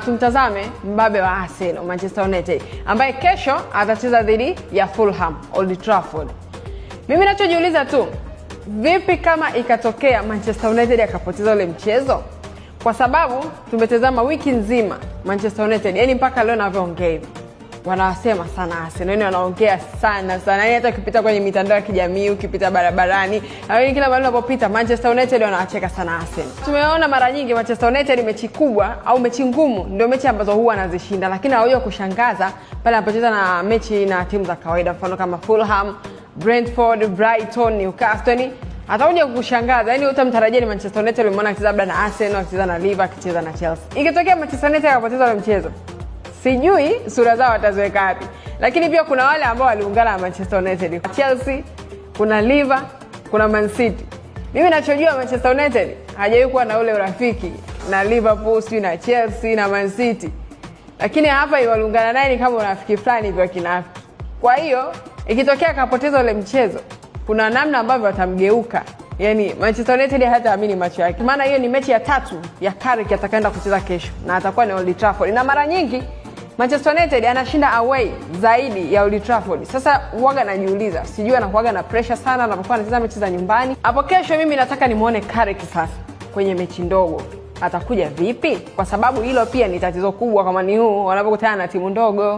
Tumtazame mbabe wa Arsenal Manchester United ambaye kesho atacheza dhidi ya Fulham Old Trafford. Mimi nachojiuliza tu, vipi kama ikatokea Manchester United akapoteza ule mchezo? Kwa sababu tumetazama wiki nzima Manchester United, yani mpaka leo navyoongea hivi wanawasema sana Arsenal, yani wanaongea sana sana, yani hata ukipita kwenye mitandao ya kijamii, ukipita barabarani na wengine, kila mahali unapopita, Manchester United wanawacheka sana Arsenal. Tumeona mara nyingi Manchester United mechi kubwa au mechi ngumu ndio mechi ambazo huwa anazishinda, lakini hawajua kushangaza pale anapocheza na mechi na timu za kawaida, mfano kama Fulham, Brentford, Brighton, Newcastle yaani atakuja kukushangaza, yani utamtarajia ni Manchester United. Umeona akicheza labda na Arsenal, akicheza na Liverpool, akicheza na Chelsea. Ikitokea Manchester United akapoteza ule mchezo sijui sura zao wataziweka wapi, lakini pia kuna wale ambao waliungana na Manchester United, Chelsea, kuna Liver, kuna Man City. Mimi nachojua Manchester United hajawai kuwa na ule urafiki na Liverpool, sijui na Chelsea na Man City, lakini hapa waliungana naye ni kama urafiki fulani hivyo kinafiki. Kwa hiyo ikitokea akapoteza ule mchezo, kuna namna ambavyo watamgeuka Yani, Manchester United hataamini macho yake, maana hiyo ni mechi ya tatu ya karik atakaenda kucheza kesho na atakuwa ni Old Trafford, na mara nyingi Manchester United anashinda away zaidi ya Old Trafford. Sasa waga najiuliza, sijui anakuwaga na pressure sana anapokuwa anacheza mechi za nyumbani. Hapo kesho mimi nataka nimwone Carrick sasa kwenye mechi ndogo atakuja vipi? Kwa sababu hilo pia ni tatizo kubwa kwa mani huu wanapokutana na timu ndogo.